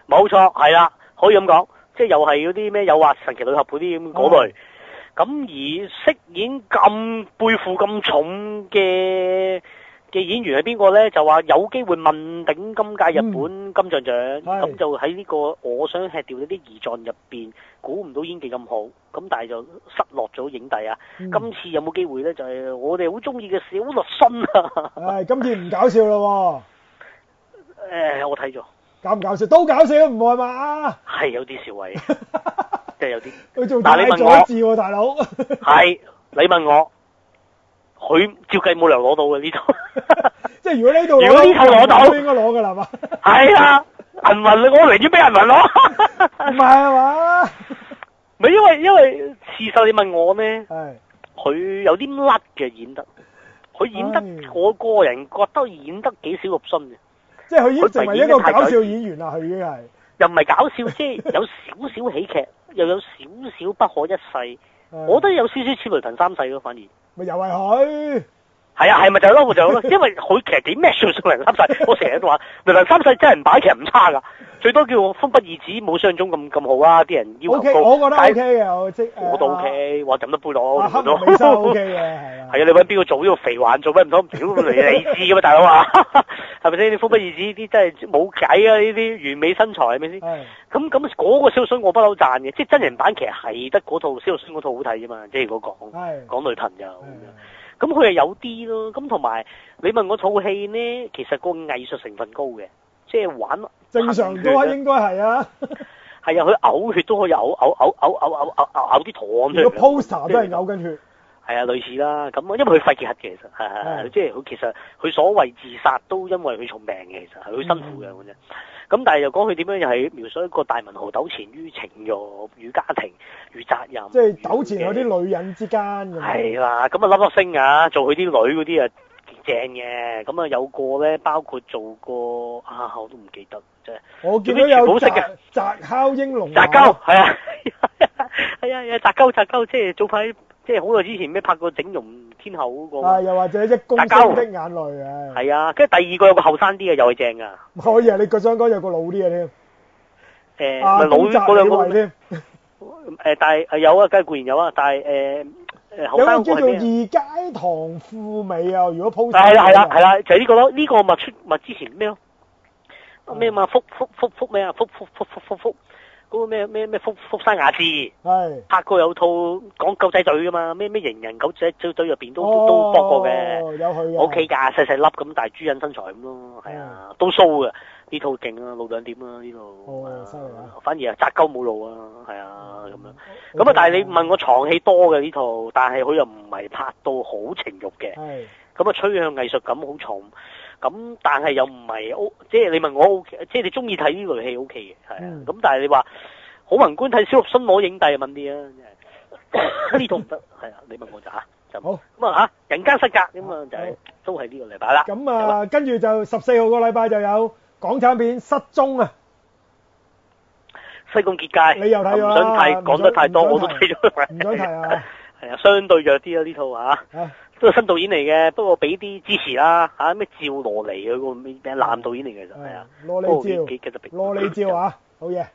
冇錯，係啦、啊，可以咁講。即又係嗰啲咩有話神奇女俠嗰啲咁嗰類，咁、嗯、而飾演咁背負咁重嘅嘅演員係邊個呢？就話有機會問鼎今屆日本金像獎，咁、嗯、就喺呢、這個是我想吃掉啲胰臟入邊，估唔到演技咁好，咁但係就失落咗影帝啊！嗯、今次有冇機會呢？就係、是、我哋好中意嘅小栗旬啊！唉、哎，今次唔搞笑啦喎、啊哎！我睇咗。搞唔搞笑都搞笑唔係嘛，係有啲少位，即係有啲。佢做大咗一字，大佬係你問我，佢照計冇理由攞到嘅呢套，即係如果呢度，如果呢套攞到，應該攞噶啦嘛。係啊，銀魂你攞嚟啲俾銀魂攞，唔係啊嘛，唔因為因為事實你問我咩？佢有啲甩嘅演得，佢演得我個人覺得演得幾少肉身嘅。即係佢已經成為一個搞笑演員啦，佢已經係又唔係搞笑，即係 有少少喜劇，又有少少不可一世， 我覺得有少少似雷朋三世咯，反而咪又係佢。係啊，係咪就係咯我就咯，因為佢其實點 match 三世，我成日都話，林林三世真人版其實唔差噶，最多叫風不二子冇想像中咁咁好啊，啲人要求高。我覺得 O K 嘅，即係，我都 O K，我飲多杯咯，我咗。黑眉山 O K 係啊，你搵邊個做呢個肥環做咩咁多屌嚟你知嘅嘛，大佬啊，係咪先？啲風不二子啲真係冇計啊，呢啲完美身材係咪先？咁咁嗰個蕭薰我不嬲賺嘅，即係真人版其實係得嗰套蕭薰嗰套好睇啫嘛，即係我講，講女朋友。咁佢又有啲咯，咁同埋你問我套戲呢，其實個藝術成分高嘅。即係玩正常都應該係啊，係啊，佢嘔血都可以嘔嘔嘔嘔嘔嘔嘔啲糖出嚟，個 poster 都係嘔緊血，係啊，類似啦，咁因為佢肺結核嘅，其實即係佢其實佢所謂自殺都因為佢重病嘅，其實係好辛苦嘅咁咁但係又講佢點樣又係描述一個大文豪糾纏於情慾，與家庭與責任，即係糾纏嗰啲女人之間。係啦，咁啊粒粒聲啊，做佢啲女嗰啲啊正嘅，咁啊有個咧，包括做過啊我都唔記得即係我見到有好識嘅，扎烤英龍。扎鳩係啊，係啊，有扎鳩扎鳩，即係早排，即係好耐之前咩拍過整容。天后嗰、那個，啊，又或者一公升的眼淚，係啊，跟住第二個有個後生啲嘅又係正噶，可以啊。你想講有個老啲嘅添，誒、呃，啊、老嗰兩個添，誒，但係有啊，梗係固然有啊，但係誒誒，後生叫做二階堂富美啊。如果鋪個，係啦係啦係啦，就呢、是這個咯，呢、這個咪出咪之前咩咯咩嘛？复复复复咩啊？复复复复复复。嗰個咩咩咩福福山雅治，拍過有套講狗仔隊㗎嘛，咩咩型人狗仔隊，佢入面都都博過嘅，OK 㗎，細細粒咁，但係豬人身材咁囉，係啊，都騷嘅，呢套勁啊，露兩點啊呢套，反而啊扎鳩冇露啊，係啊咁樣，咁啊但係你問我床戲多嘅呢套，但係佢又唔係拍到好情慾嘅，咁啊趨向藝術感好重。咁但係又唔係 O，即係你問我 O，即係你中意睇呢類戲 OK 嘅，係啊。咁但係你話好宏觀睇小栗旬攞影帝，問啲啊，呢套唔得係啊，你問我咋吓，就好。咁啊吓，人間失格咁啊就係都係呢個禮拜啦。咁啊，跟住就十四號個禮拜就有港產片失蹤啊，西貢結界。你又睇咗啦，唔想睇講得太多，我都睇咗，唔想睇啊。係啊，相對弱啲啊呢套吓。都係新導演嚟嘅，不過俾啲支持啦、啊、嚇，咩趙羅尼佢個咩男導演嚟嘅，其實係啊羅尼趙，羅尼趙啊好嘢。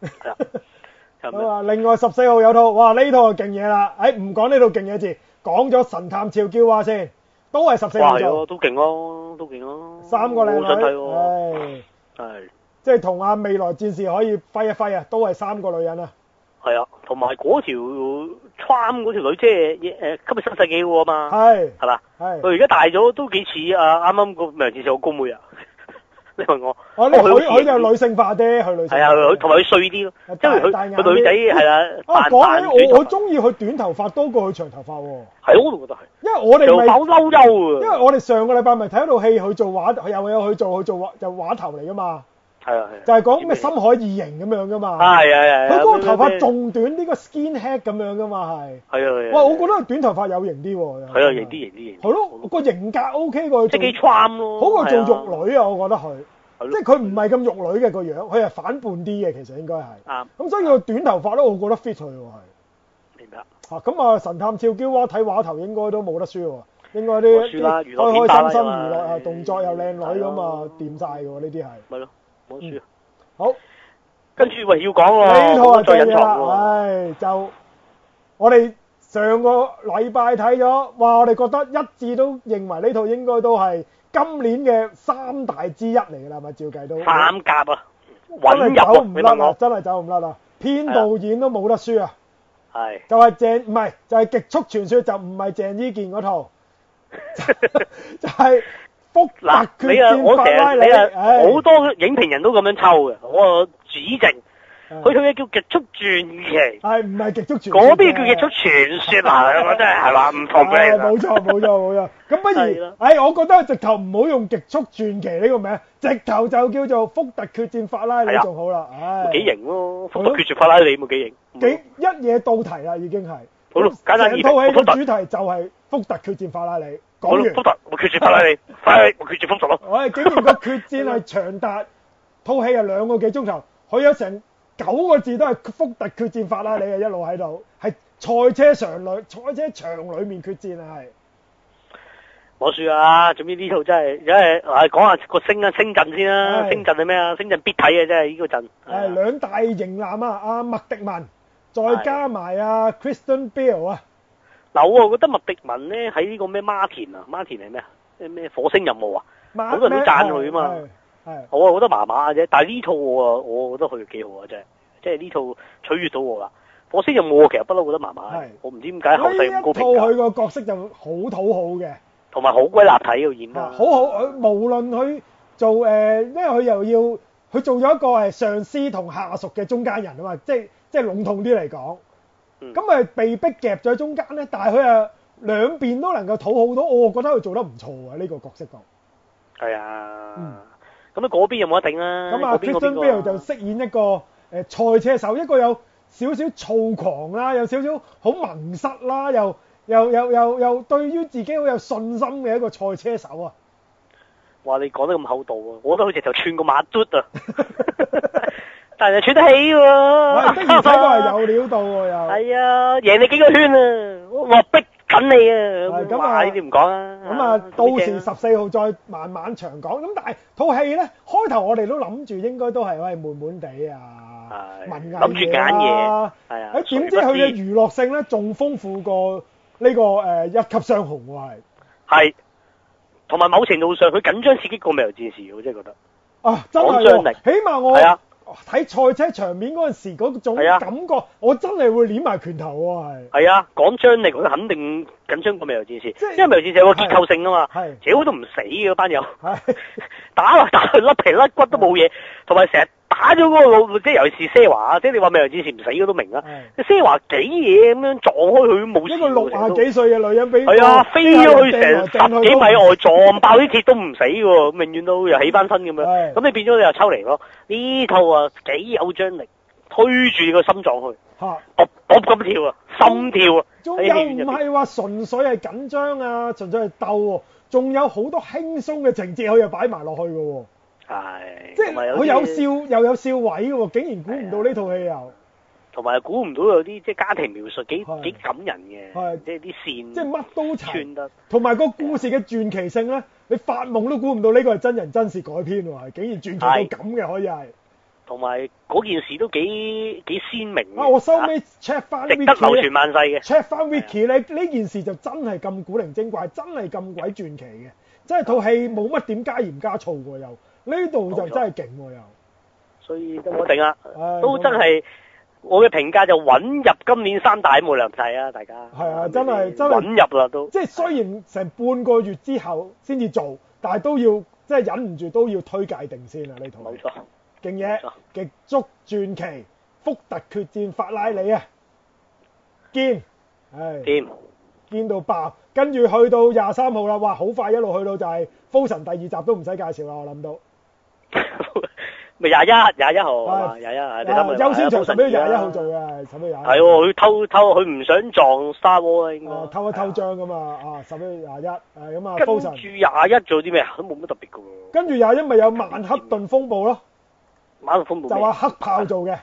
咁啊，是啊另外十四號有套，哇呢套勁嘢啦，誒唔講呢套勁嘢字，講咗神探俏嬌娃先，都係十四號。快都勁咯，都勁咯。三個靚女，唉、啊，係、啊，即係同阿未來戰士可以揮一揮啊，都係三個女人啊。係啊，同埋嗰條。穿嗰條女即係誒，今日新世紀嘅嘛，係係嘛，佢而家大咗都幾似啊！啱啱個梁智做高妹啊，你問我，我佢佢就女性化啫，佢女性係啊，同埋佢衰啲咯，即係佢佢女仔係啦。啊，講起我我中意佢短頭髮多過佢長頭髮喎，係咯，我都覺得係，因為我哋好嬲嬲啊，因為我哋上個禮拜咪睇一套戲，去做畫，又有去做去做畫就畫頭嚟㗎嘛。係啊係，就係講咩深海異形咁樣噶嘛。係係係。佢嗰個頭髮仲短，呢個 skin head 咁樣噶嘛係。係啊係。哇！我覺得短頭髮有型啲喎。有型啲型啲型。係咯，個型格 OK 個。即係幾好過做玉女啊！我覺得佢，即係佢唔係咁玉女嘅個樣，佢係反叛啲嘅，其實應該係。咁所以佢短頭髮咧，我覺得 fit 佢係。明白。吓咁啊！神探俏嬌娃睇畫頭應該都冇得輸喎，應該啲啲開開心心娛樂啊，動作又靚女咁啊，掂晒㗎喎呢啲係。咯。冇輸，好，跟住喂要講喎，呢套就入咗啦，唉，就我哋上個禮拜睇咗，哇，我哋覺得一致都認為呢套應該都係今年嘅三大之一嚟噶啦，係咪？照計都三甲啊，穩入，真係走唔甩啦，真係走唔甩啦，編導演都冇得輸啊，係，就係鄭唔係，就係《極速傳說》，就唔係鄭伊健嗰套，就係。福特你啊，我成日睇啊，好多影評人都咁樣抽嘅，我指定佢套嘢叫《極速傳奇》，係唔係《極速傳奇》？嗰邊叫《極速傳說》，啊。我真係係嘛，唔同嘅。冇錯，冇錯，冇錯。咁不如，哎，我覺得直頭唔好用《極速傳奇》呢個名，直頭就叫做《福特決戰法拉利》仲好啦。哎，幾型咯，福特決戰法拉利，冇幾型。幾一嘢到題啦，已經係。好簡單易懂。套戲嘅主題就係福特決戰法拉利。講福特，我決戰法拉利，快拉我決戰福特咯。我哋竟然個決戰係長達套戲係兩個幾鐘頭，佢有成九個字都係福特決戰法啦，你啊一路喺度，係賽車場裏賽車場裏面決戰啊，係 。我輸、哎、啊，最屘呢套真係，真係，係講下個星啊，星陣先啦，星陣係咩啊？星陣必睇啊，真係呢個陣。係兩大型男啊，阿麥迪文再加埋啊 Christian Bale 啊。嗱，我覺得麥迪文咧喺呢個咩？馬田啊，馬田係咩啊？咩火星任務啊？好多人都讚佢啊嘛。係。我啊覺得麻麻嘅啫，但係呢套我啊，我覺得佢幾好啊，真係。即係呢套取悅到我啦。火星任務其實不嬲，覺得麻麻。係是。我唔知點解後世咁高評價。呢一套佢個角色就好討好嘅。同埋好鬼立體，佢演得。好好，無論佢做誒，因為佢又要佢做咗一個係上司同下屬嘅中間人啊嘛，即係即係籠統啲嚟講。咁咪、嗯、被逼夾咗中間咧，但佢啊兩邊都能夠討好到，我覺得佢做得唔錯啊！呢、呢個角色角係啊，咁咧嗰邊有冇得定啦，咁啊 Justin Bieber 就飾演一個賽車手，一個有少少躁狂啦，有少少好迷塞啦，又又又又又對於自己好有信心嘅一個賽車手啊！話你講得咁厚道啊，我覺得佢似就串個馬靴啊～ 但係喘得起喎，我逼住佢係有料到喎，又係啊，贏你幾個圈啊，我逼緊你啊，咁啊呢啲唔講啦，咁啊到時十四號再慢慢長講。咁但係套戲咧開頭我哋都諗住應該都係喂悶悶地啊，文藝嘢啦，係啊，點知佢嘅娛樂性咧仲豐富過呢個誒一級雙雄喎係，係，同埋某程度上佢緊張刺激過《未來戰士》，我真係覺得啊，真係，起碼我係啊。睇賽車場面嗰陣時嗰種感覺，啊、我真係會捏埋拳頭啊！係，係啊，講張力，我肯定緊張過《未來戰士》，即因為《未來戰士》有個結構性啊嘛，屌是是都唔死嘅班友，是 打嚟打去甩皮甩骨都冇嘢，同埋成日。打咗嗰、那個老，即係尤其是 Seva，即係你話未來之前唔死，我都明啦。Seva 幾嘢咁樣撞開佢冇事。一個六廿幾歲嘅女人飛係啊，飛咗去成十幾米外撞爆啲鐵都唔死喎，永遠都又起翻身咁樣。咁的你變咗你又抽離咯。呢套啊幾有張力，推住個心臟去，嚇噏咁跳啊，心跳啊。間唔係話純粹係緊張啊，純粹係鬥喎、啊，仲有好多輕鬆嘅情節，佢又擺埋落去嘅喎。係，即係佢有笑又有笑位嘅喎，竟然估唔到呢套戲又，同埋估唔到有啲即係家庭描述幾幾感人嘅，係即係啲線，即係乜都串得，同埋個故事嘅傳奇性咧，你發夢都估唔到呢個係真人真事改編喎，係竟然傳奇到咁嘅可以係，同埋嗰件事都幾幾鮮明嘅，啊我收尾 check 翻呢啲嘢咧，check 翻 Vicky 咧呢件事就真係咁古靈精怪，真係咁鬼傳奇嘅，真係套戲冇乜點加鹽加醋嘅又。呢度就真係勁喎，又錯，啊、所以都我定啦，哎、都真係沒我嘅評價就穩入今年三大冇糧仔啊，大家。係啊，了真係真係穩入啦都，即係雖然成半個月之後先至做，但係都要即係忍唔住都要推介定先啦呢套。冇錯，勁嘢，極足傳奇，福特決戰法拉利啊，見，係、哎，見，見到爆，跟住去到廿三號啦，哇，好快一路去到就係、是《Frozen》第二集都唔使介紹啦，我諗到。咪廿一廿一號啊廿一你睇下優先場係咪廿一號做嘅？係咪廿一係佢偷偷佢唔想撞 Star Wars 啊，應該。偷一偷張噶嘛啊，十一月廿一，係咁啊。跟住廿一做啲咩啊？都冇乜特別噶喎。跟住廿一咪有曼克頓風暴咯，曼克頓風暴。就話黑豹做嘅。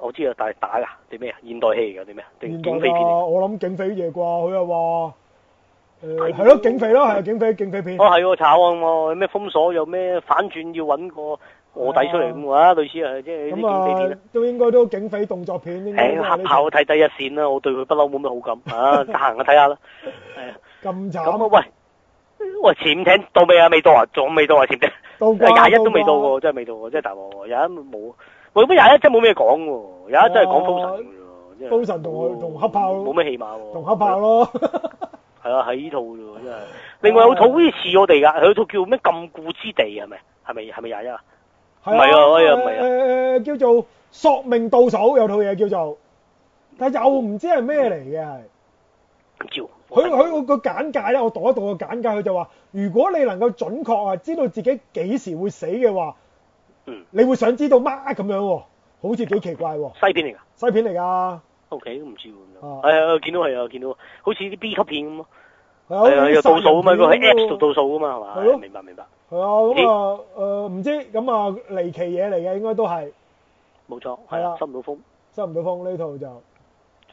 我知啊，但係打噶，啲咩啊？現代戲嚟噶，啲咩？警匪片？啊，我諗警匪啲嘢啩，佢又話。係咯，警匪咯，係警匪警匪片。啊，係哦，炒案喎，有咩封鎖，有咩反轉，要揾個卧底出嚟咁啊，類似啊，即係啲警匪片啦。都應該都警匪動作片。誒，黑豹我睇第一線啦，我對佢不嬲冇咩好感。啊，得閒我睇下啦。係。咁慘。咁啊，喂，我潛艇聽到未啊？未到啊？仲未到啊？潛艇。到過。廿一都未到喎，真係未到喎，真係大鑊！廿一冇，我諗廿一真係冇咩講喎。廿一真係講封神嘅咯，封神同同黑豹。冇咩戲碼。同黑豹咯。係啊，喺呢套度啫真係。另外有套好似似我哋噶，佢套叫咩？禁錮之地係咪？係咪係咪廿一啊？唔係啊，我、呃、啊，唔係啊。誒叫做索命到手，有套嘢叫做，但又唔知係咩嚟嘅。佢佢佢個簡介咧，我讀一讀個簡介，佢就話：如果你能夠準確啊知道自己幾時會死嘅話，嗯、你會想知道乜咁樣喎？好似幾奇怪喎。西片嚟㗎，西片嚟㗎。西片嚟㗎。屋企都唔知喎，係啊，見到係啊，見到，好似啲 B 級片咁咯，係啊，又倒數啊嘛，佢喺 Apps 度倒數啊嘛，係嘛？明白明白。係啊，咁啊，誒唔知，咁啊離奇嘢嚟嘅應該都係，冇錯，係啊，收唔到風，收唔到風呢套就，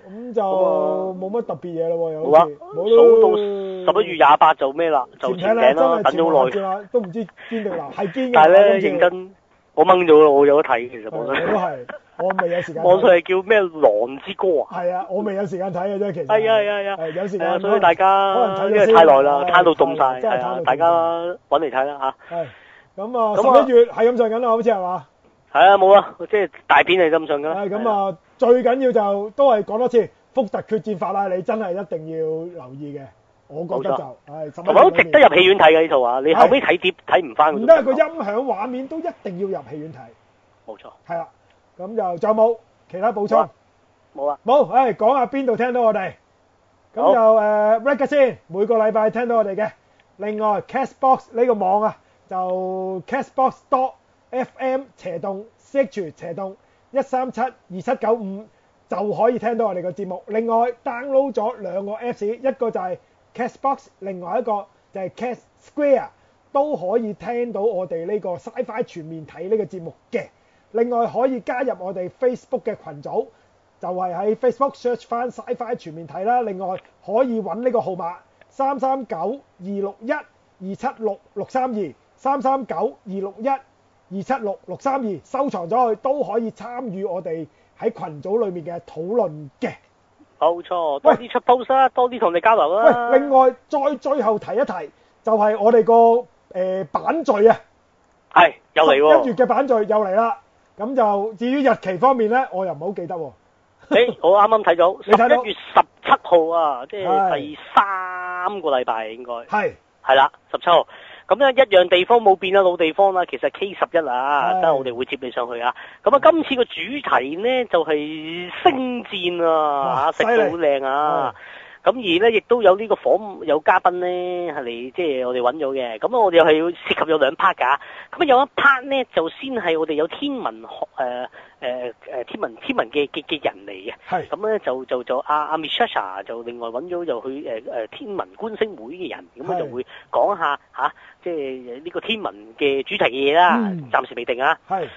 咁就冇乜特別嘢咯，又好似，冇，數到十一月廿八就咩啦？就前頂啦，等咗好耐，都唔知堅定流，係堅嘅。但係咧，認真，我掹咗啦，我有得睇其實我身。都係。我未有時間。望出係叫咩《狼之歌》啊？係啊，我未有時間睇啊，真係。係啊係啊係，有時間。所以大家可能睇得太耐啦，攤到凍晒。大家搵嚟睇啦吓。係。咁啊，十一月係咁上緊啦，好似係嘛？係啊，冇啦，即係大片係咁上㗎啦。係咁啊，最緊要就都係講多次《福特決戰法》啦，你真係一定要留意嘅。我覺得就係好值得入戲院睇嘅呢套啊！你後尾睇碟睇唔翻。因為，個音響畫面都一定要入戲院睇。冇錯。係啦。咁就仲有冇其他補充？冇啊。冇、啊，誒講下邊度聽到我哋，咁、啊、就誒 rec 嘅先，每個禮拜聽到我哋嘅。另外 castbox 呢個網啊，就 castbox.fm 斜動 ch 斜動一三七二七九五就可以聽到我哋嘅節目。另外 download 咗兩個 Apps，一個就係 castbox，另外一個就係 cast square，都可以聽到我哋呢個 Sci-Fi 全面睇呢個節目嘅。另外可以加入我哋 Facebook 嘅群組，就係、是、喺 Facebook search 翻《Sci-Fi》全面睇啦。另外可以搵呢個號碼三三九二六一二七六六三二三三九二六一二七六六三二，32, 32, 收藏咗去都可以參與我哋喺群組裏面嘅討論嘅。冇錯，多啲出 post 喂多啲同你交流啦。另外再最後提一提，就係、是、我哋個誒版序啊，係、哎、又嚟喎！十一月嘅版序又嚟啦。咁就至於日期方面呢，我又唔好記得喎。我啱啱睇咗十一月十七號啊，即係第三個禮拜應該係係啦，十七號。咁咧一樣地方冇變啊，老地方啦。其實 K 十一啊，等我哋會接你上去啊。咁啊，今次個主題呢，就係星戰啊，食到好靚啊！咁而咧，亦都有呢個房有嘉賓咧，係嚟即係我哋揾咗嘅。咁啊，我哋又係要涉及有兩 part 㗎。咁啊，有一 part 咧就先係我哋有天文學誒、呃呃、天文天文嘅嘅嘅人嚟嘅。咁咧是、嗯、就就就阿阿 Michelle 就另外揾咗就去、呃、天文觀星會嘅人，咁啊就會講下嚇是、啊，即係呢、這個天文嘅主題嘢啦。暫、嗯、時未定啊。咁是、啊、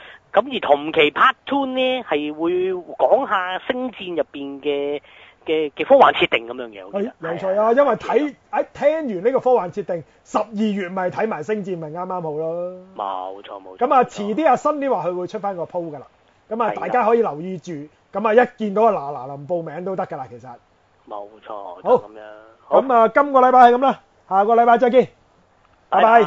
而同期 part two 咧係會講下星戰入面嘅。嘅科幻設定咁樣嘢，有啲有趣啊，因為睇誒聽完呢個科幻設定，十二月咪睇埋星戰咪啱啱好咯。冇錯冇錯。咁啊，遲啲阿新啲話佢會出翻個鋪噶啦，咁啊大家可以留意住，咁啊一見到啊，嗱嗱臨報名都得噶啦，其實。冇錯。好，咁樣。咁啊，今個禮拜係咁啦，下個禮拜再見，拜拜。